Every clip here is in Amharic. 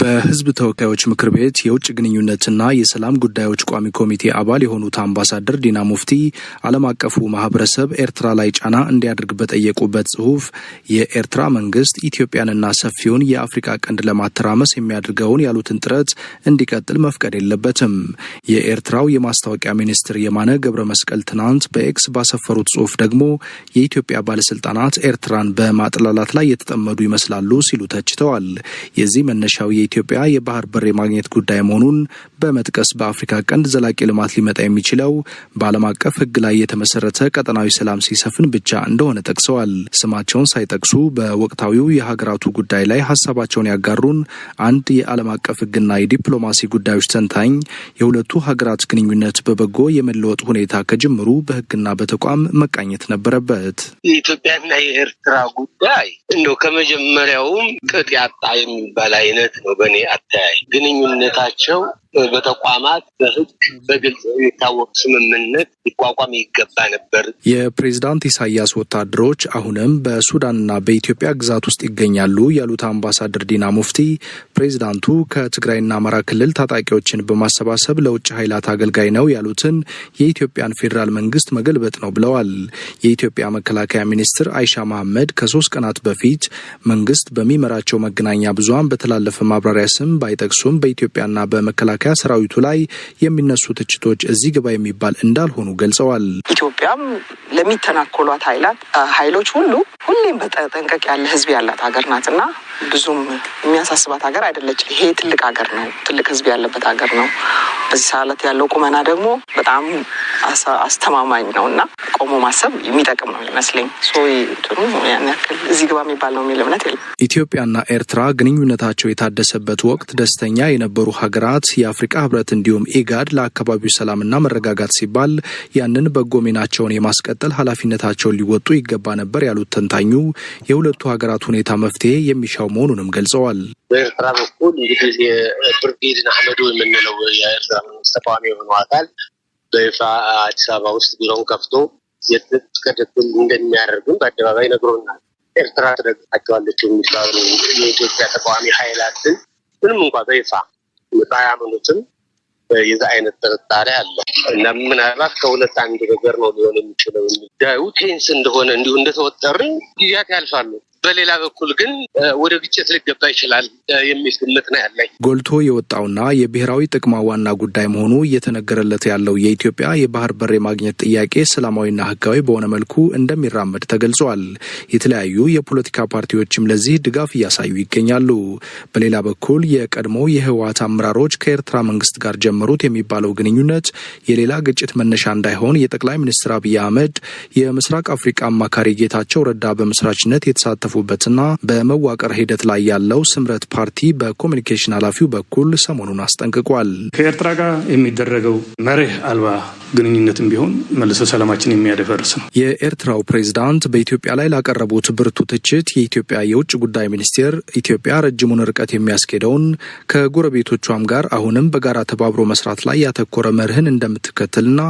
በህዝብ ተወካዮች ምክር ቤት የውጭ ግንኙነትና የሰላም ጉዳዮች ቋሚ ኮሚቴ አባል የሆኑት አምባሳደር ዲና ሙፍቲ ዓለም አቀፉ ማህበረሰብ ኤርትራ ላይ ጫና እንዲያደርግ በጠየቁበት ጽሁፍ የኤርትራ መንግስት ኢትዮጵያንና ሰፊውን የአፍሪካ ቀንድ ለማተራመስ የሚያደርገውን ያሉትን ጥረት እንዲቀጥል መፍቀድ የለበትም። የኤርትራው የማስታወቂያ ሚኒስትር የማነ ገብረ መስቀል ትናንት በኤክስ ባሰፈሩት ጽሁፍ ደግሞ የኢትዮጵያ ባለስልጣናት ኤርትራን በማጥላላት ላይ የተጠመዱ ይመስላሉ ሲሉ ተችተዋል። የዚህ መነሻው የኢትዮጵያ የባህር በር የማግኘት ጉዳይ መሆኑን በመጥቀስ በአፍሪካ ቀንድ ዘላቂ ልማት ሊመጣ የሚችለው በዓለም አቀፍ ሕግ ላይ የተመሰረተ ቀጠናዊ ሰላም ሲሰፍን ብቻ እንደሆነ ጠቅሰዋል። ስማቸውን ሳይጠቅሱ በወቅታዊው የሀገራቱ ጉዳይ ላይ ሀሳባቸውን ያጋሩን አንድ የዓለም አቀፍ ሕግና የዲፕሎማሲ ጉዳዮች ተንታኝ የሁለቱ ሀገራት ግንኙነት በበጎ የመለወጥ ሁኔታ ከጅምሩ በሕግና በተቋም መቃኘት ነበረበት። የኢትዮጵያና የኤርትራ ጉዳይ እንደው ከመጀመሪያውም ቅጥ ያጣ የሚባል አይነት ነው ነው በእኔ አተያይ ግንኙነታቸው በተቋማት በህግ በግልጽ የታወቅ ስምምነት ሊቋቋም ይገባ ነበር። የፕሬዝዳንት ኢሳያስ ወታደሮች አሁንም በሱዳንና በኢትዮጵያ ግዛት ውስጥ ይገኛሉ ያሉት አምባሳደር ዲና ሙፍቲ ፕሬዝዳንቱ ከትግራይና አማራ ክልል ታጣቂዎችን በማሰባሰብ ለውጭ ኃይላት አገልጋይ ነው ያሉትን የኢትዮጵያን ፌዴራል መንግስት መገልበጥ ነው ብለዋል። የኢትዮጵያ መከላከያ ሚኒስትር አይሻ መሐመድ ከሶስት ቀናት በፊት መንግስት በሚመራቸው መገናኛ ብዙሃን በተላለፈ ማብራሪያ ስም ባይጠቅሱም በኢትዮጵያና በመከላከያ መከላከያ ሰራዊቱ ላይ የሚነሱ ትችቶች እዚህ ግባ የሚባል እንዳልሆኑ ገልጸዋል። ኢትዮጵያም ለሚተናኮሏት ኃይሎች ሁሉ ሁሌም በጠንቀቅ ያለ ህዝብ ያላት ሀገር ናት እና ብዙም የሚያሳስባት ሀገር አይደለች። ይሄ ትልቅ ሀገር ነው፣ ትልቅ ህዝብ ያለበት ሀገር ነው። በዚህ ሰዓት ያለው ቁመና ደግሞ በጣም አስተማማኝ ነው እና ቆሞ ማሰብ የሚጠቅም ነው ይመስለኝ። ያን ያክል እዚህ ግባ የሚባል ነው የሚል እምነት የለም። ኢትዮጵያና ኤርትራ ግንኙነታቸው የታደሰበት ወቅት ደስተኛ የነበሩ ሀገራት የአፍሪቃ ህብረት እንዲሁም ኢጋድ ለአካባቢው ሰላምና መረጋጋት ሲባል ያንን በጎ ሚናቸውን የማስቀጠል ኃላፊነታቸውን ሊወጡ ይገባ ነበር ያሉት ተንታኙ የሁለቱ ሀገራት ሁኔታ መፍትሄ የሚሻው መሆኑንም ገልጸዋል። በኤርትራ በኩል እንግዲህ ብርጌድ አህመዶ የምንለው የኤርትራ መንግስት ተቃዋሚ የሆነው አካል በይፋ አዲስ አበባ ውስጥ ቢሮውን ከፍቶ የትቀደብን እንደሚያደርግም በአደባባይ ነግሮናል። ኤርትራ ትደግፋቸዋለች የሚባሉ የኢትዮጵያ ተቃዋሚ ኃይላትን ምንም እንኳ በይፋ ባያምኑትም የዛ አይነት ጥርጣሬ አለ እና ምናልባት ከሁለት አንድ ነገር ነው ሊሆን የሚችለው። ቴንስ እንደሆነ እንዲሁ እንደተወጠርን ጊዜያት ያልፋሉ። በሌላ በኩል ግን ወደ ግጭት ሊገባ ይችላል የሚል ግምት ነው ያለኝ። ጎልቶ የወጣውና የብሔራዊ ጥቅማ ዋና ጉዳይ መሆኑ እየተነገረለት ያለው የኢትዮጵያ የባህር በር የማግኘት ጥያቄ ሰላማዊና ሕጋዊ በሆነ መልኩ እንደሚራመድ ተገልጿል። የተለያዩ የፖለቲካ ፓርቲዎችም ለዚህ ድጋፍ እያሳዩ ይገኛሉ። በሌላ በኩል የቀድሞ የህወሓት አመራሮች ከኤርትራ መንግስት ጋር ጀመሩት የሚባለው ግንኙነት የሌላ ግጭት መነሻ እንዳይሆን የጠቅላይ ሚኒስትር አብይ አህመድ የምስራቅ አፍሪቃ አማካሪ ጌታቸው ረዳ በመስራችነት የተሳተፉ ያለፉበትና በመዋቀር ሂደት ላይ ያለው ስምረት ፓርቲ በኮሚኒኬሽን ኃላፊው በኩል ሰሞኑን አስጠንቅቋል። ከኤርትራ ጋር የሚደረገው መርህ አልባ ግንኙነትም ቢሆን መልሶ ሰላማችን የሚያደፈርስ ነው። የኤርትራው ፕሬዝዳንት በኢትዮጵያ ላይ ላቀረቡት ብርቱ ትችት የኢትዮጵያ የውጭ ጉዳይ ሚኒስቴር ኢትዮጵያ ረጅሙን ርቀት የሚያስኬደውን ከጎረቤቶቿም ጋር አሁንም በጋራ ተባብሮ መስራት ላይ ያተኮረ መርህን እንደምትከተልና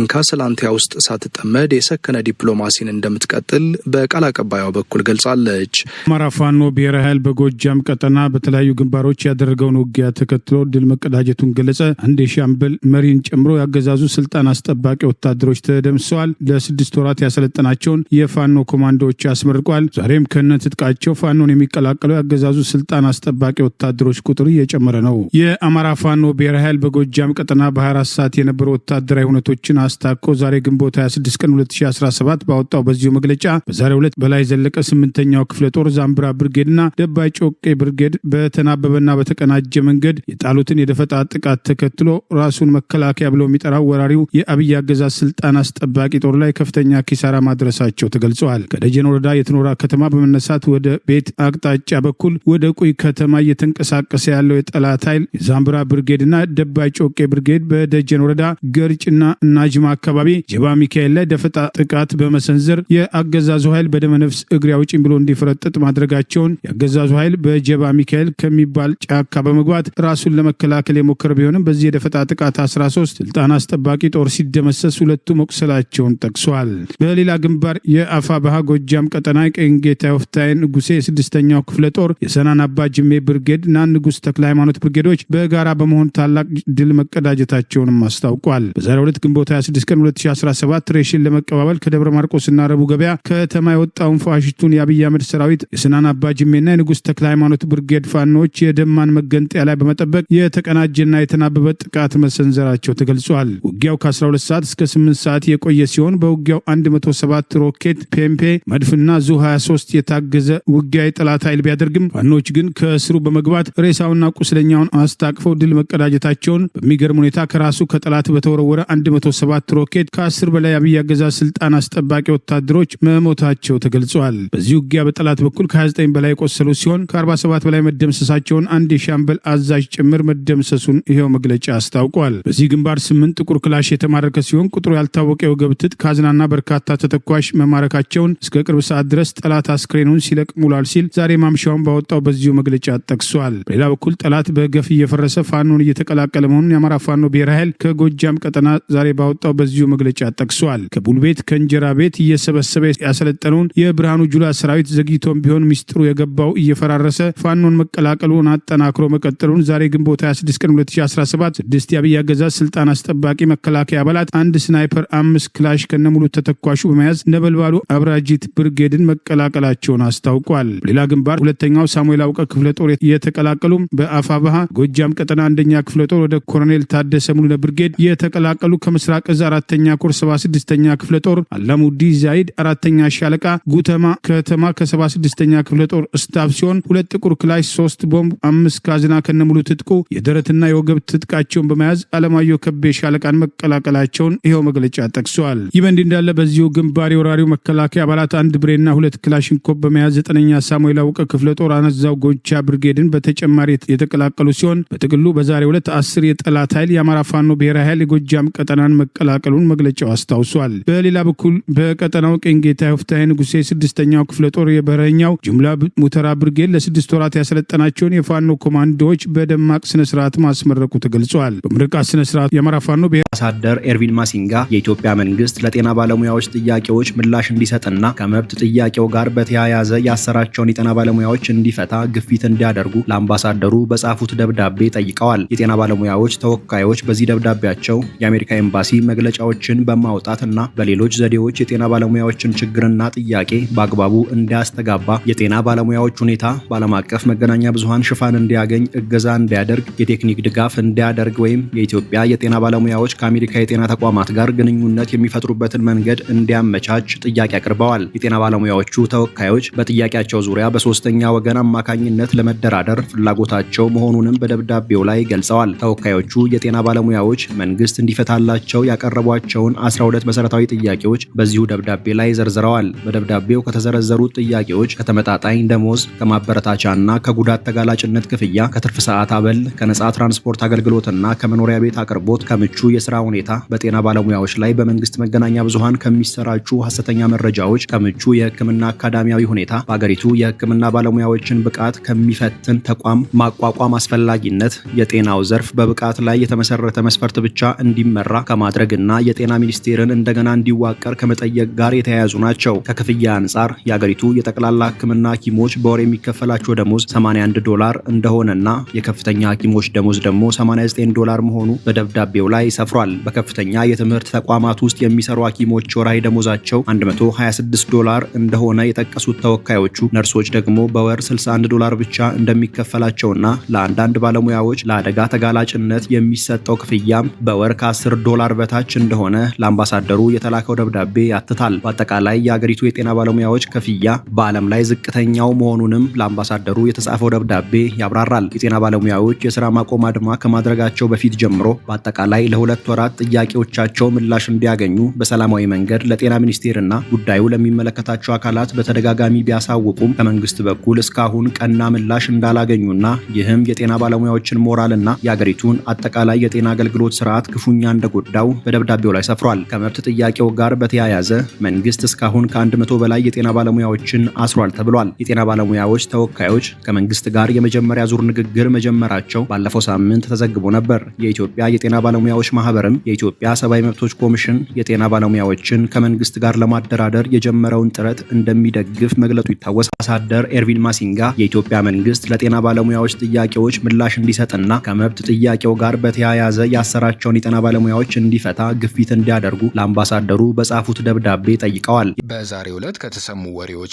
እንካ ሰላንቲያ ውስጥ ሳትጠመድ የሰከነ ዲፕሎማሲን እንደምትቀጥል በቃል አቀባዩ በኩል ገልጻል። አስታውቃለች። አማራ ፋኖ ብሔራዊ ኃይል በጎጃም ቀጠና በተለያዩ ግንባሮች ያደረገውን ውጊያ ተከትሎ ድል መቀዳጀቱን ገለጸ። አንድ የሻምበል መሪን ጨምሮ ያገዛዙ ስልጣን አስጠባቂ ወታደሮች ተደምሰዋል። ለስድስት ወራት ያሰለጠናቸውን የፋኖ ኮማንዶዎች አስመርቋል። ዛሬም ከነ ትጥቃቸው ፋኖን የሚቀላቀሉ ያገዛዙ ስልጣን አስጠባቂ ወታደሮች ቁጥር እየጨመረ ነው። የአማራ ፋኖ ብሔራዊ ኃይል በጎጃም ቀጠና በ24 ሰዓት የነበሩ ወታደራዊ ሁነቶችን አስታቆ ዛሬ ግንቦት 26 ቀን 2017 ባወጣው በዚሁ መግለጫ በዛሬ ሁለት በላይ ዘለቀ ስምንተኛ ሶስተኛው ክፍለ ጦር ዛምብራ ብርጌድና ደባይ ጮቄ ብርጌድ በተናበበና በተቀናጀ መንገድ የጣሉትን የደፈጣ ጥቃት ተከትሎ ራሱን መከላከያ ብሎ የሚጠራው ወራሪው የአብይ አገዛዝ ስልጣን አስጠባቂ ጦር ላይ ከፍተኛ ኪሳራ ማድረሳቸው ተገልጸዋል። ከደጀን ወረዳ የትኖራ ከተማ በመነሳት ወደ ቤት አቅጣጫ በኩል ወደ ቁይ ከተማ እየተንቀሳቀሰ ያለው የጠላት ኃይል የዛምብራ ብርጌድና ደባይ ጮቄ ብርጌድ በደጀን ወረዳ ገርጭና ናጅማ አካባቢ ጀባ ሚካኤል ላይ ደፈጣ ጥቃት በመሰንዘር የአገዛዙ ኃይል በደመነፍስ እግሬ አውጪኝ ብሎ እንዲፈረጥጥ ማድረጋቸውን የአገዛዙ ኃይል በጀባ ሚካኤል ከሚባል ጫካ በመግባት ራሱን ለመከላከል የሞከረ ቢሆንም በዚህ የደፈጣ ጥቃት 13 ስልጣን አስጠባቂ ጦር ሲደመሰስ ሁለቱ መቁሰላቸውን ጠቅሷል። በሌላ ግንባር የአፋ ባሃ ጎጃም ቀጠና ቀንጌታ ወፍታይ ንጉሴ የስድስተኛው ክፍለ ጦር የሰናን አባ ጅሜ ብርጌድ እና ንጉሥ ተክለ ሃይማኖት ብርጌዶች በጋራ በመሆን ታላቅ ድል መቀዳጀታቸውንም አስታውቋል። በዛሬ ሁለት ግንቦት 26 ቀን 2017 ሬሽን ለመቀባበል ከደብረ ማርቆስና ረቡዕ ገበያ ከተማ የወጣውን ፋሽቱን የአብይ የአብይ ሰራዊት የስናን አባጅሜና የንጉሥ ተክለ ሃይማኖት ብርጌድ ፋኖዎች የደማን መገንጠያ ላይ በመጠበቅ የተቀናጀና የተናበበ ጥቃት መሰንዘራቸው ተገልጿል። ውጊያው ከ12 ሰዓት እስከ 8 ሰዓት የቆየ ሲሆን በውጊያው 107 ሮኬት፣ ፔምፔ፣ መድፍና ዙ 23 የታገዘ ውጊያ የጠላት ኃይል ቢያደርግም ፋኖች ግን ከስሩ በመግባት ሬሳውና ቁስለኛውን አስታቅፈው ድል መቀዳጀታቸውን በሚገርም ሁኔታ ከራሱ ከጠላት በተወረወረ 107 ሮኬት ከ10 በላይ አብይ አገዛዝ ስልጣን አስጠባቂ ወታደሮች መሞታቸው ተገልጿል። በዚህ ውጊያ ውጊያ በጠላት በኩል ከ29 በላይ የቆሰሉ ሲሆን ከ47 በላይ መደምሰሳቸውን አንድ የሻምበል አዛዥ ጭምር መደምሰሱን ይኸው መግለጫ አስታውቋል። በዚህ ግንባር ስምንት ጥቁር ክላሽ የተማረከ ሲሆን ቁጥሩ ያልታወቀ የወገብ ትጥቅ ካዝናና በርካታ ተተኳሽ መማረካቸውን እስከ ቅርብ ሰዓት ድረስ ጠላት አስክሬኑን ሲለቅ ሙሏል ሲል ዛሬ ማምሻውን ባወጣው በዚሁ መግለጫ ጠቅሷል። በሌላ በኩል ጠላት በገፍ እየፈረሰ ፋኖን እየተቀላቀለ መሆኑን የአማራ ፋኖ ብሔራዊ ኃይል ከጎጃም ቀጠና ዛሬ ባወጣው በዚሁ መግለጫ ጠቅሷል። ቤት ከእንጀራ ቤት እየሰበሰበ ያሰለጠነውን የብርሃኑ ጁላ ሰራዊት ጥቂት ዘግይቶም ቢሆን ሚስጥሩ የገባው እየፈራረሰ ፋኖን መቀላቀሉን አጠናክሮ መቀጠሉን ዛሬ ግንቦት 26 ቀን 2017 ድስት የአብይ አገዛዝ ስልጣን አስጠባቂ መከላከያ አባላት አንድ ስናይፐር አምስት ክላሽ ከነሙሉ ተተኳሹ በመያዝ ነበልባሉ አብራጂት ብርጌድን መቀላቀላቸውን አስታውቋል። ሌላ ግንባር ሁለተኛው ሳሙኤል አውቀ ክፍለ ጦር የተቀላቀሉም በአፋባሃ ጎጃም ቀጠና አንደኛ ክፍለ ጦር ወደ ኮሎኔል ታደሰ ሙሉነ ብርጌድ የተቀላቀሉ ከምስራቅ እዝ አራተኛ ኮር ሰባ ስድስተኛ ክፍለ ጦር አላሙዲ ዛይድ አራተኛ ሻለቃ ጉተማ ከተማ ከ76ኛ ክፍለ ጦር ስታፍ ሲሆን ሁለት ጥቁር ክላሽ፣ ሶስት ቦምብ፣ አምስት ካዝና ከነሙሉ ትጥቁ የደረትና የወገብ ትጥቃቸውን በመያዝ አለማየሁ ከቤ ሻለቃን መቀላቀላቸውን ይኸው መግለጫ ጠቅሰዋል። ይህ በእንዲህ እንዳለ በዚሁ ግንባር የወራሪው መከላከያ አባላት አንድ ብሬና ሁለት ክላሽንኮቭ በመያዝ ዘጠነኛ ሳሙኤል አውቀ ክፍለ ጦር አነዛው ጎቻ ብርጌድን በተጨማሪ የተቀላቀሉ ሲሆን በጥቅሉ በዛሬ ሁለት አስር የጠላት ኃይል የአማራ ፋኖ ብሔራዊ ኃይል የጎጃም ቀጠናን መቀላቀሉን መግለጫው አስታውሷል። በሌላ በኩል በቀጠናው ቄንጌታ ዮፍታሔ ንጉሴ ስድስተኛው ክፍለ ጦር ጦር የበረኛው ጅምላ ሙተራ ብርጌድ ለስድስት ወራት ያሰለጠናቸውን የፋኖ ኮማንዶዎች በደማቅ ስነስርዓት ማስመረቁ ተገልጿል። በምርቃት ስነስርዓት የአማራ ፋኖ ብሔር አምባሳደር ኤርቪን ማሲንጋ የኢትዮጵያ መንግስት ለጤና ባለሙያዎች ጥያቄዎች ምላሽ እንዲሰጥና ከመብት ጥያቄው ጋር በተያያዘ ያሰራቸውን የጤና ባለሙያዎች እንዲፈታ ግፊት እንዲያደርጉ ለአምባሳደሩ በጻፉት ደብዳቤ ጠይቀዋል። የጤና ባለሙያዎች ተወካዮች በዚህ ደብዳቤያቸው የአሜሪካ ኤምባሲ መግለጫዎችን በማውጣት እና በሌሎች ዘዴዎች የጤና ባለሙያዎችን ችግርና ጥያቄ በአግባቡ እንዲ እንዳያስተጋባ የጤና ባለሙያዎች ሁኔታ በዓለም አቀፍ መገናኛ ብዙሀን ሽፋን እንዲያገኝ እገዛ እንዲያደርግ የቴክኒክ ድጋፍ እንዲያደርግ ወይም የኢትዮጵያ የጤና ባለሙያዎች ከአሜሪካ የጤና ተቋማት ጋር ግንኙነት የሚፈጥሩበትን መንገድ እንዲያመቻች ጥያቄ አቅርበዋል። የጤና ባለሙያዎቹ ተወካዮች በጥያቄያቸው ዙሪያ በሶስተኛ ወገን አማካኝነት ለመደራደር ፍላጎታቸው መሆኑንም በደብዳቤው ላይ ገልጸዋል። ተወካዮቹ የጤና ባለሙያዎች መንግስት እንዲፈታላቸው ያቀረቧቸውን 12 መሰረታዊ ጥያቄዎች በዚሁ ደብዳቤ ላይ ዘርዝረዋል። በደብዳቤው ከተዘረዘሩት ጥያቄዎች ከተመጣጣኝ ደሞዝ፣ ከማበረታቻና ከጉዳት ተጋላጭነት ክፍያ፣ ከትርፍ ሰዓት አበል፣ ከነፃ ትራንስፖርት አገልግሎትና ከመኖሪያ ቤት አቅርቦት፣ ከምቹ የስራ ሁኔታ፣ በጤና ባለሙያዎች ላይ በመንግስት መገናኛ ብዙሃን ከሚሰራጩ ሀሰተኛ መረጃዎች፣ ከምቹ የህክምና አካዳሚያዊ ሁኔታ፣ በአገሪቱ የህክምና ባለሙያዎችን ብቃት ከሚፈትን ተቋም ማቋቋም አስፈላጊነት፣ የጤናው ዘርፍ በብቃት ላይ የተመሰረተ መስፈርት ብቻ እንዲመራ ከማድረግና የጤና ሚኒስቴርን እንደገና እንዲዋቀር ከመጠየቅ ጋር የተያያዙ ናቸው። ከክፍያ አንጻር የአገሪቱ የጠቅላላ ህክምና ሐኪሞች በወር የሚከፈላቸው ደሞዝ 81 ዶላር እንደሆነና የከፍተኛ ሐኪሞች ደሞዝ ደግሞ 89 ዶላር መሆኑ በደብዳቤው ላይ ሰፍሯል። በከፍተኛ የትምህርት ተቋማት ውስጥ የሚሰሩ ሐኪሞች ወራዊ ደሞዛቸው 126 ዶላር እንደሆነ የጠቀሱት ተወካዮቹ ነርሶች ደግሞ በወር 61 ዶላር ብቻ እንደሚከፈላቸውና ለአንዳንድ ባለሙያዎች ለአደጋ ተጋላጭነት የሚሰጠው ክፍያም በወር ከ10 ዶላር በታች እንደሆነ ለአምባሳደሩ የተላከው ደብዳቤ ያትታል። በአጠቃላይ የአገሪቱ የጤና ባለሙያዎች ክፍያ በዓለም ላይ ዝቅተኛው መሆኑንም ለአምባሳደሩ የተጻፈው ደብዳቤ ያብራራል። የጤና ባለሙያዎች የስራ ማቆም አድማ ከማድረጋቸው በፊት ጀምሮ በአጠቃላይ ለሁለት ወራት ጥያቄዎቻቸው ምላሽ እንዲያገኙ በሰላማዊ መንገድ ለጤና ሚኒስቴርና ጉዳዩ ለሚመለከታቸው አካላት በተደጋጋሚ ቢያሳውቁም ከመንግስት በኩል እስካሁን ቀና ምላሽ እንዳላገኙና ይህም የጤና ባለሙያዎችን ሞራልና የአገሪቱን አጠቃላይ የጤና አገልግሎት ስርዓት ክፉኛ እንደጎዳው በደብዳቤው ላይ ሰፍሯል። ከመብት ጥያቄው ጋር በተያያዘ መንግስት እስካሁን ከአንድ መቶ በላይ የጤና ባለሙያዎች ሰዎችን አስሯል ተብሏል። የጤና ባለሙያዎች ተወካዮች ከመንግስት ጋር የመጀመሪያ ዙር ንግግር መጀመራቸው ባለፈው ሳምንት ተዘግቦ ነበር። የኢትዮጵያ የጤና ባለሙያዎች ማህበርም የኢትዮጵያ ሰብአዊ መብቶች ኮሚሽን የጤና ባለሙያዎችን ከመንግስት ጋር ለማደራደር የጀመረውን ጥረት እንደሚደግፍ መግለጡ ይታወሳል። አምባሳደር ኤርቪን ማሲንጋ የኢትዮጵያ መንግስት ለጤና ባለሙያዎች ጥያቄዎች ምላሽ እንዲሰጥና ከመብት ጥያቄው ጋር በተያያዘ ያሰራቸውን የጤና ባለሙያዎች እንዲፈታ ግፊት እንዲያደርጉ ለአምባሳደሩ በጻፉት ደብዳቤ ጠይቀዋል። በዛሬው ዕለት ከተሰሙ ወሬዎች